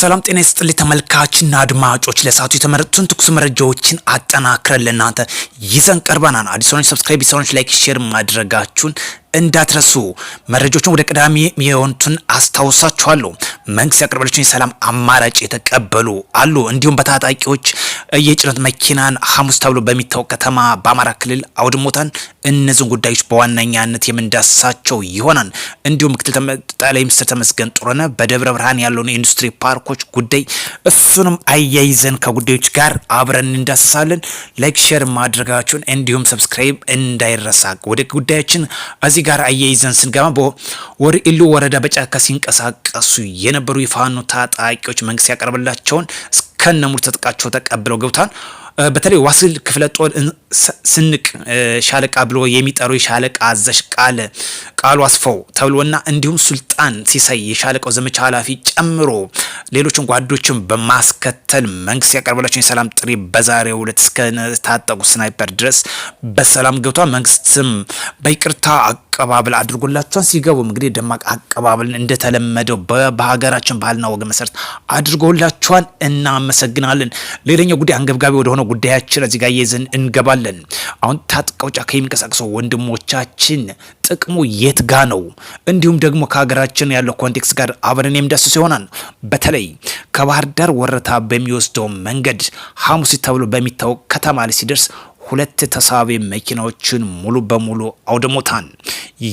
ሰላም ጤና ይስጥልኝ ተመልካችና አድማጮች፣ ለሰዓቱ የተመረጡትን ትኩስ መረጃዎችን አጠናክረን ለእናንተ ይዘን ቀርበናል። አዲስ ሰዎች ሰብስክራይብ፣ ሰዎች ላይክ፣ ሼር ማድረጋችሁን እንዳትረሱ መረጃዎችን ወደ ቀዳሚ የሆኑትን አስታውሳችኋለሁ። መንግስት ያቀረበለችን የሰላም አማራጭ የተቀበሉ አሉ። እንዲሁም በታጣቂዎች የጭነት መኪናን ሐሙስ ተብሎ በሚታወቅ ከተማ በአማራ ክልል አውድሞታን። እነዚህን ጉዳዮች በዋነኛነት የምንዳሳቸው ይሆናል። እንዲሁም ምክትል ጠቅላይ ሚኒስትር ተመስገን ጥሩነህ በደብረ ብርሃን ያለውን የኢንዱስትሪ ፓርኮች ጉዳይ እሱንም አያይዘን ከጉዳዮች ጋር አብረን እንዳስሳለን። ላይክ ሼር ማድረጋችሁን እንዲሁም ሰብስክራይብ እንዳይረሳ። ወደ ጉዳያችን ከዚህ ጋር አያይዘን ስንገባ ኢሉ ወረዳ በጫካ ሲንቀሳቀሱ የነበሩ የፋኖ ታጣቂዎች መንግስት ያቀርብላቸውን እስከነ ሙሉ ተጥቃቸው ተቀብለው ገብቷል። በተለይ ዋስል ክፍለ ጦር ስንቅ ሻለቃ ብሎ የሚጠሩ የሻለቃ አዛዥ ቃለ ቃሉ አስፈው ተብሎና እንዲሁም ሱልጣን ሲሳይ የሻለቀው ዘመቻ ኃላፊ ጨምሮ ሌሎችን ጓዶችን በማስከተል መንግስት ያቀርበላቸውን የሰላም ጥሪ በዛሬው ዕለት እስከታጠቁ ስናይፐር ድረስ በሰላም ገብቷ መንግስትም በይቅርታ አቀባበል አድርጎላቸዋል። ሲገቡ እንግዲህ ደማቅ አቀባበልን እንደተለመደው በሀገራችን ባህልና ወግ መሰረት አድርጎላቸዋል። እናመሰግናለን። ሌላኛው ጉዳይ አንገብጋቢ ወደሆነ ጉዳያችን እዚህ ጋር ይዘን እንገባለን። አሁን ታጥቀው ጫካ የሚንቀሳቀሰው ወንድሞቻችን ጥቅሙ የት ጋ ነው? እንዲሁም ደግሞ ከሀገራችን ያለው ኮንቴክስት ጋር አብረን የሚዳስስ ይሆናል። በተለይ ከባህር ዳር ወረታ በሚወስደው መንገድ ሐሙሲት ተብሎ በሚታወቅ ከተማ ላይ ሲደርስ ሁለት ተሳቢ መኪናዎችን ሙሉ በሙሉ አውድሞታል።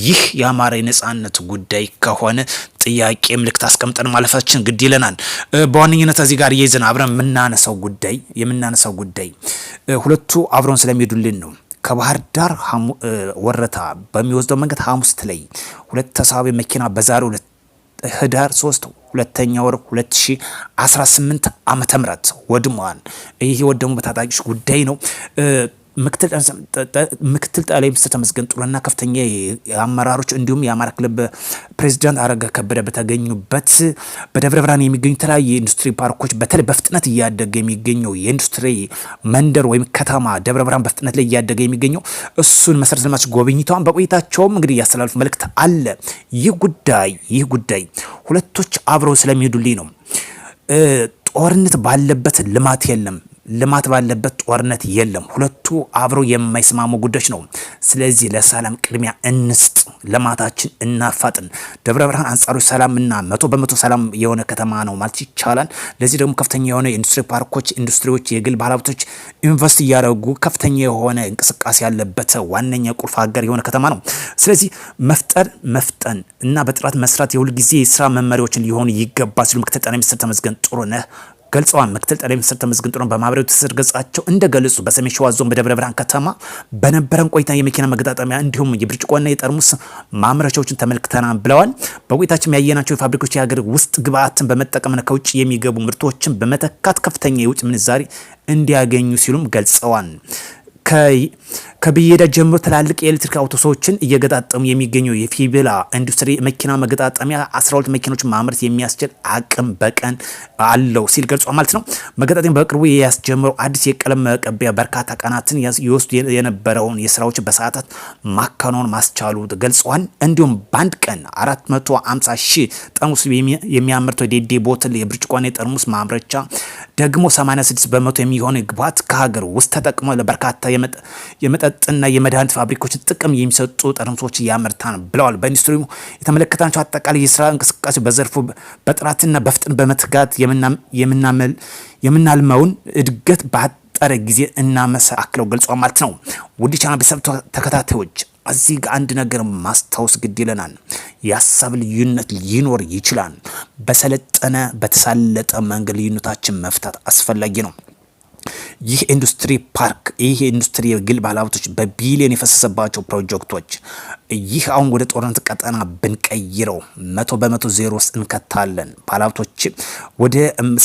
ይህ የአማራ የነጻነት ጉዳይ ከሆነ ጥያቄ ምልክት አስቀምጠን ማለፋችን ግድ ይለናል። በዋነኝነት እዚህ ጋር እየይዘን አብረን የምናነሳው ጉዳይ የምናነሳው ጉዳይ ሁለቱ አብረን ስለሚሄዱልን ነው። ከባህር ዳር ወረታ በሚወስደው መንገድ ሐሙስት ላይ ሁለት ተሳቢ መኪና በዛሬው ሁለት ህዳር 3 ሁለተኛ ወር 2018 ዓመተ ምህረት ወድሟል። ይህ የወደሙ በታጣቂዎች ጉዳይ ነው። ምክትል ጠቅላይ ሚኒስትር ተመስገን ጥሩና ከፍተኛ አመራሮች እንዲሁም የአማራ ክልል ፕሬዚዳንት አረጋ ከበደ በተገኙበት በደብረ ብርሃን የሚገኙ የተለያዩ የኢንዱስትሪ ፓርኮች በተለይ በፍጥነት እያደገ የሚገኘው የኢንዱስትሪ መንደር ወይም ከተማ ደብረ ብርሃን በፍጥነት ላይ እያደገ የሚገኘው እሱን መሰረተ ልማት ጎብኝተዋን በቆይታቸውም እንግዲህ ያስተላልፍ መልእክት አለ። ይህ ጉዳይ ይህ ጉዳይ ሁለቶች አብረው ስለሚሄዱልኝ ነው። ጦርነት ባለበት ልማት የለም። ልማት ባለበት ጦርነት የለም። ሁለቱ አብሮ የማይስማሙ ጉዳዮች ነው። ስለዚህ ለሰላም ቅድሚያ እንስጥ፣ ልማታችን እናፋጥን። ደብረ ብርሃን አንጻሩ ሰላምና መቶ በመቶ ሰላም የሆነ ከተማ ነው ማለት ይቻላል። ለዚህ ደግሞ ከፍተኛ የሆነ የኢንዱስትሪ ፓርኮች፣ ኢንዱስትሪዎች፣ የግል ባለሀብቶች ኢንቨስት እያደረጉ ከፍተኛ የሆነ እንቅስቃሴ ያለበት ዋነኛ ቁልፍ ሀገር የሆነ ከተማ ነው። ስለዚህ መፍጠር መፍጠን እና በጥራት መስራት የሁልጊዜ የስራ መመሪያዎችን ሊሆኑ ይገባል ሲሉ ምክትል ጠቅላይ ሚኒስትር ተመስገን ጥሩነህ ገልጸዋል። ምክትል ጠቅላይ ሚኒስትር ተመስገን ጥሩነህ በማህበራዊ ትስስር ገጻቸው እንደገለጹ በሰሜን ሸዋ ዞን በደብረ ብርሃን ከተማ በነበረን ቆይታ የመኪና መገጣጠሚያ እንዲሁም የብርጭቆና የጠርሙስ ማምረቻዎችን ተመልክተናል ብለዋል። በቆይታችን ያየናቸው የፋብሪካዎች የሀገር ውስጥ ግብአትን በመጠቀምና ከውጭ የሚገቡ ምርቶችን በመተካት ከፍተኛ የውጭ ምንዛሪ እንዲያገኙ ሲሉም ገልጸዋል። ከብየዳ ጀምሮ ትላልቅ የኤሌክትሪክ አውቶሶችን እየገጣጠሙ የሚገኘው የፊቤላ ኢንዱስትሪ መኪና መገጣጠሚያ 12 መኪኖች ማምረት የሚያስችል አቅም በቀን አለው ሲል ገልጿ ማለት ነው። መገጣጠሚያ በቅርቡ ያስጀምረው አዲስ የቀለም መቀቢያ በርካታ ቀናትን የወስዱ የነበረውን የስራዎች በሰዓታት ማከናወን ማስቻሉ ገልጿል። እንዲሁም በአንድ ቀን 450 ሺህ ጠርሙስ የሚያመርተው ዴዴ ቦትል የብርጭቆና የጠርሙስ ማምረቻ ደግሞ 86 በመቶ የሚሆን ግብዓት ከሀገር ውስጥ ተጠቅሞ ለበርካታ የመጠጥና የመድኃኒት ፋብሪኮች ጥቅም የሚሰጡ ጠርሙሶች ያመርታን ብለዋል። በኢንዱስትሪ የተመለከታቸው አጠቃላይ የስራ እንቅስቃሴ በዘርፉ በጥራትና በፍጥን በመትጋት የምናልመውን እድገት በአጠረ ጊዜ እናመሳክለው ገልጿል ማለት ነው። ውድ ቻና ቤተሰብ ተከታታዮች እዚህ ጋር አንድ ነገር ማስታወስ ግድ ይለናል። የሀሳብ ልዩነት ሊኖር ይችላል። በሰለጠነ በተሳለጠ መንገድ ልዩነታችን መፍታት አስፈላጊ ነው። ይህ ኢንዱስትሪ ፓርክ ይህ የኢንዱስትሪ ግል ባለሀብቶች በቢሊዮን የፈሰሰባቸው ፕሮጀክቶች ይህ አሁን ወደ ጦርነት ቀጠና ብንቀይረው መቶ በመቶ ዜሮ ውስጥ እንከታለን። ባለሀብቶች ወደ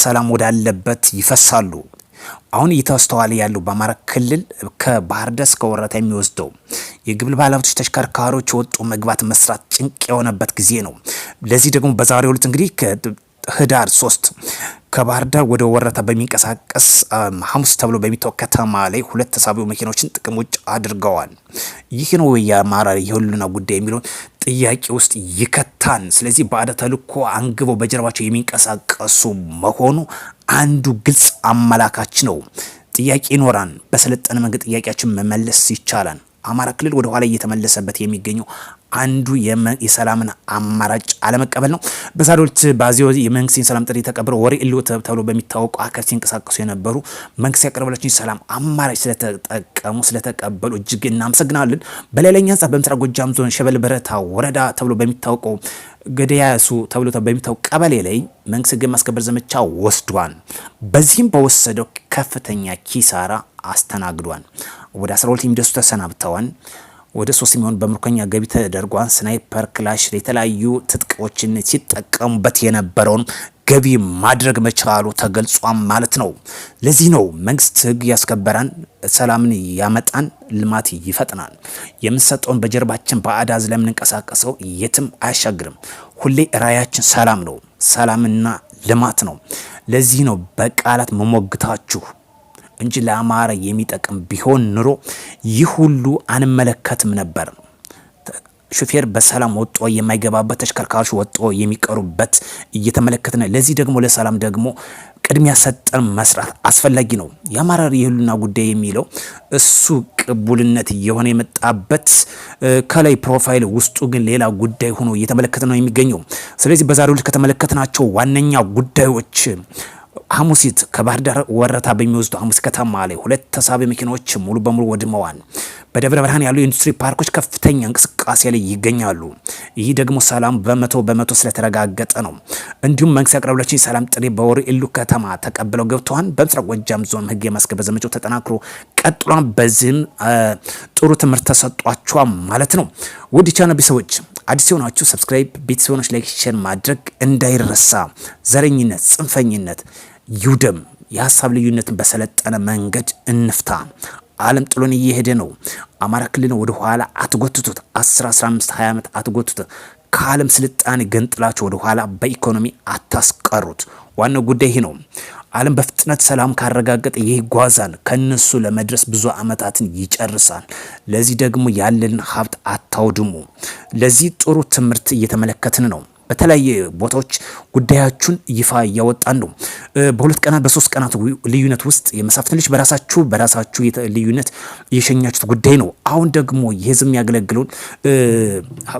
ሰላም ወዳለበት ይፈሳሉ። አሁን እየተስተዋለ ያለው በአማራ ክልል ከባህር ዳር እስከ ወረታ የሚወስደው የግብል ባለሀብቶች ተሽከርካሪዎች ወጡ መግባት መስራት ጭንቅ የሆነበት ጊዜ ነው። ለዚህ ደግሞ በዛሬው ዕለት እንግዲህ ህዳር 3 ከባህር ዳር ወደ ወረታ በሚንቀሳቀስ ሐሙስ ተብሎ በሚታወቅ ከተማ ላይ ሁለት ተሳቢ መኪናዎችን ጥቅም ውጭ አድርገዋል። ይህ ነው የአማራ የህልውና ጉዳይ የሚለውን ጥያቄ ውስጥ ይከታን። ስለዚህ ባዕድ ተልዕኮ አንግበው በጀርባቸው የሚንቀሳቀሱ መሆኑ አንዱ ግልጽ አመላካች ነው። ጥያቄ ይኖራን፣ በሰለጠነ መንገድ ጥያቄያችን መመለስ ይቻላል። አማራ ክልል ወደ ኋላ እየተመለሰበት የሚገኘው አንዱ የሰላምን አማራጭ አለመቀበል ነው። በሳዶልት ባዚዮ የመንግስትን ሰላም ጥሪ ተቀብሮ ወሬ እሎ ተብሎ በሚታወቁ አካል ሲንቀሳቀሱ የነበሩ መንግስት ያቀረበላችን ሰላም አማራጭ ስለተጠቀሙ ስለተቀበሉ እጅግ እናመሰግናለን። በሌላኛ አንጻር በምስራቅ ጎጃም ዞን ሸበል በረታ ወረዳ ተብሎ በሚታወቀው ገደያሱ ተብሎ በሚታወቅ ቀበሌ ላይ መንግስት ህግ ማስከበር ዘመቻ ወስዷል። በዚህም በወሰደው ከፍተኛ ኪሳራ አስተናግዷል። ወደ 12 የሚደርሱ ተሰናብተዋል። ወደ ሶስት ሚሊዮን በምርኮኛ ገቢ ተደርጓን ስናይፐር ክላሽ የተለያዩ ትጥቆችን ሲጠቀሙበት የነበረውን ገቢ ማድረግ መቻሉ ተገልጿም ማለት ነው። ለዚህ ነው መንግስት ህግ ያስከበራን፣ ሰላምን ያመጣን፣ ልማት ይፈጥናል። የምንሰጠውን በጀርባችን በአዳዝ ለምንንቀሳቀሰው የትም አያሻግርም። ሁሌ ራያችን ሰላም ነው፣ ሰላምና ልማት ነው። ለዚህ ነው በቃላት መሞግታችሁ እንጂ ለአማረ የሚጠቅም ቢሆን ኑሮ ይህ ሁሉ አንመለከትም ነበር። ሹፌር በሰላም ወጦ የማይገባበት ተሽከርካሪዎች ወጦ የሚቀሩበት እየተመለከትን ለዚህ ደግሞ ለሰላም ደግሞ ቅድሚያ ሰጠን መስራት አስፈላጊ ነው። የአማራር የህሉና ጉዳይ የሚለው እሱ ቅቡልነት እየሆነ የመጣበት ከላይ ፕሮፋይል ውስጡ ግን ሌላ ጉዳይ ሆኖ እየተመለከት ነው የሚገኘው። ስለዚህ በዛሬው ልጅ ከተመለከትናቸው ዋነኛ ጉዳዮች ሐሙሲት ከባህር ዳር ወረታ በሚወስዱ ሐሙስ ከተማ ላይ ሁለት ተሳቢ መኪናዎች ሙሉ በሙሉ ወድመዋል። በደብረ ብርሃን ያሉ የኢንዱስትሪ ፓርኮች ከፍተኛ እንቅስቃሴ ላይ ይገኛሉ። ይህ ደግሞ ሰላም በመቶ በመቶ ስለተረጋገጠ ነው። እንዲሁም መንግስት ያቀረበላቸው የሰላም ጥሪ በወሩ ኢሉ ከተማ ተቀብለው ገብተዋል። በምስራቅ ጎጃም ዞን ህግ የማስከበር ዘመቻው ተጠናክሮ ቀጥሏን። በዚህም ጥሩ ትምህርት ተሰጧቸዋል ማለት ነው። ውድ ቻናል ቤተሰቦች አዲስ የሆናችሁ ሰብስክራይብ፣ ቤተሰቦች ላይክ፣ ሼር ማድረግ እንዳይረሳ። ዘረኝነት፣ ጽንፈኝነት ይውደም። የሀሳብ ልዩነትን በሰለጠነ መንገድ እንፍታ። ዓለም ጥሎን እየሄደ ነው። አማራ ክልል ወደ ኋላ አትጎትቱት። 10፣ 15፣ 20 ዓመት አትጎትቱት። ከዓለም ስልጣኔ ገንጥላችሁ ወደ ኋላ በኢኮኖሚ አታስቀሩት። ዋናው ጉዳይ ይህ ነው። ዓለም በፍጥነት ሰላም ካረጋገጠ ይጓዛል። ከነሱ ለመድረስ ብዙ ዓመታትን ይጨርሳል። ለዚህ ደግሞ ያለን ሀብት አታውድሙ። ለዚህ ጥሩ ትምህርት እየተመለከትን ነው። በተለያየ ቦታዎች ጉዳያችሁን ይፋ እያወጣን ነው። በሁለት ቀናት በሶስት ቀናት ልዩነት ውስጥ የመሳፍንት ልጅ በራሳችሁ በራሳችሁ ልዩነት የሸኛችሁት ጉዳይ ነው። አሁን ደግሞ የህዝብ የሚያገለግለውን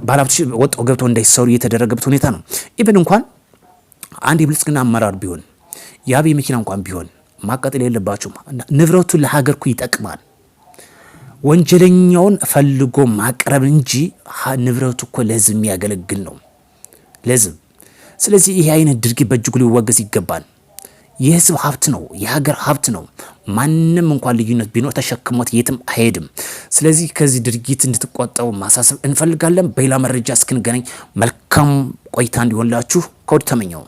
ባለሀብቶች ወጥተው ገብተው እንዳይሰሩ የተደረገበት ሁኔታ ነው። ኢብን እንኳን አንድ የብልጽግና አመራር ቢሆን የአብይ መኪና እንኳን ቢሆን ማቃጠል የለባቸውም። ንብረቱ ለሀገር እኮ ይጠቅማል። ወንጀለኛውን ፈልጎ ማቅረብ እንጂ ንብረቱ እኮ ለህዝብ የሚያገለግል ነው። ለህዝብ። ስለዚህ ይህ አይነት ድርጊት በእጅጉ ሊወገዝ ይገባል። የህዝብ ሀብት ነው፣ የሀገር ሀብት ነው። ማንም እንኳን ልዩነት ቢኖር ተሸክሞት የትም አይሄድም። ስለዚህ ከዚህ ድርጊት እንድትቆጠቡ ማሳሰብ እንፈልጋለን። በሌላ መረጃ እስክንገናኝ መልካም ቆይታ እንዲሆንላችሁ ከወዲሁ ተመኘው።